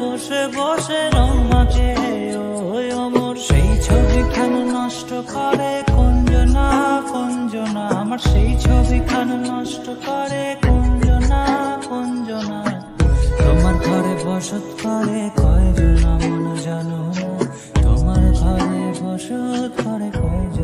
বসে বসে রং মাখে ওই অমর সেই ছবি খান নষ্ট করে কঞ্জনা কঞ্জনা আমার সেই ছবি খান নষ্ট করে কঞ্জনা কঞ্জনা তোমার ঘরে বসত করে কয়জনা মন জানো তোমার ঘরে বসত করে কয়জন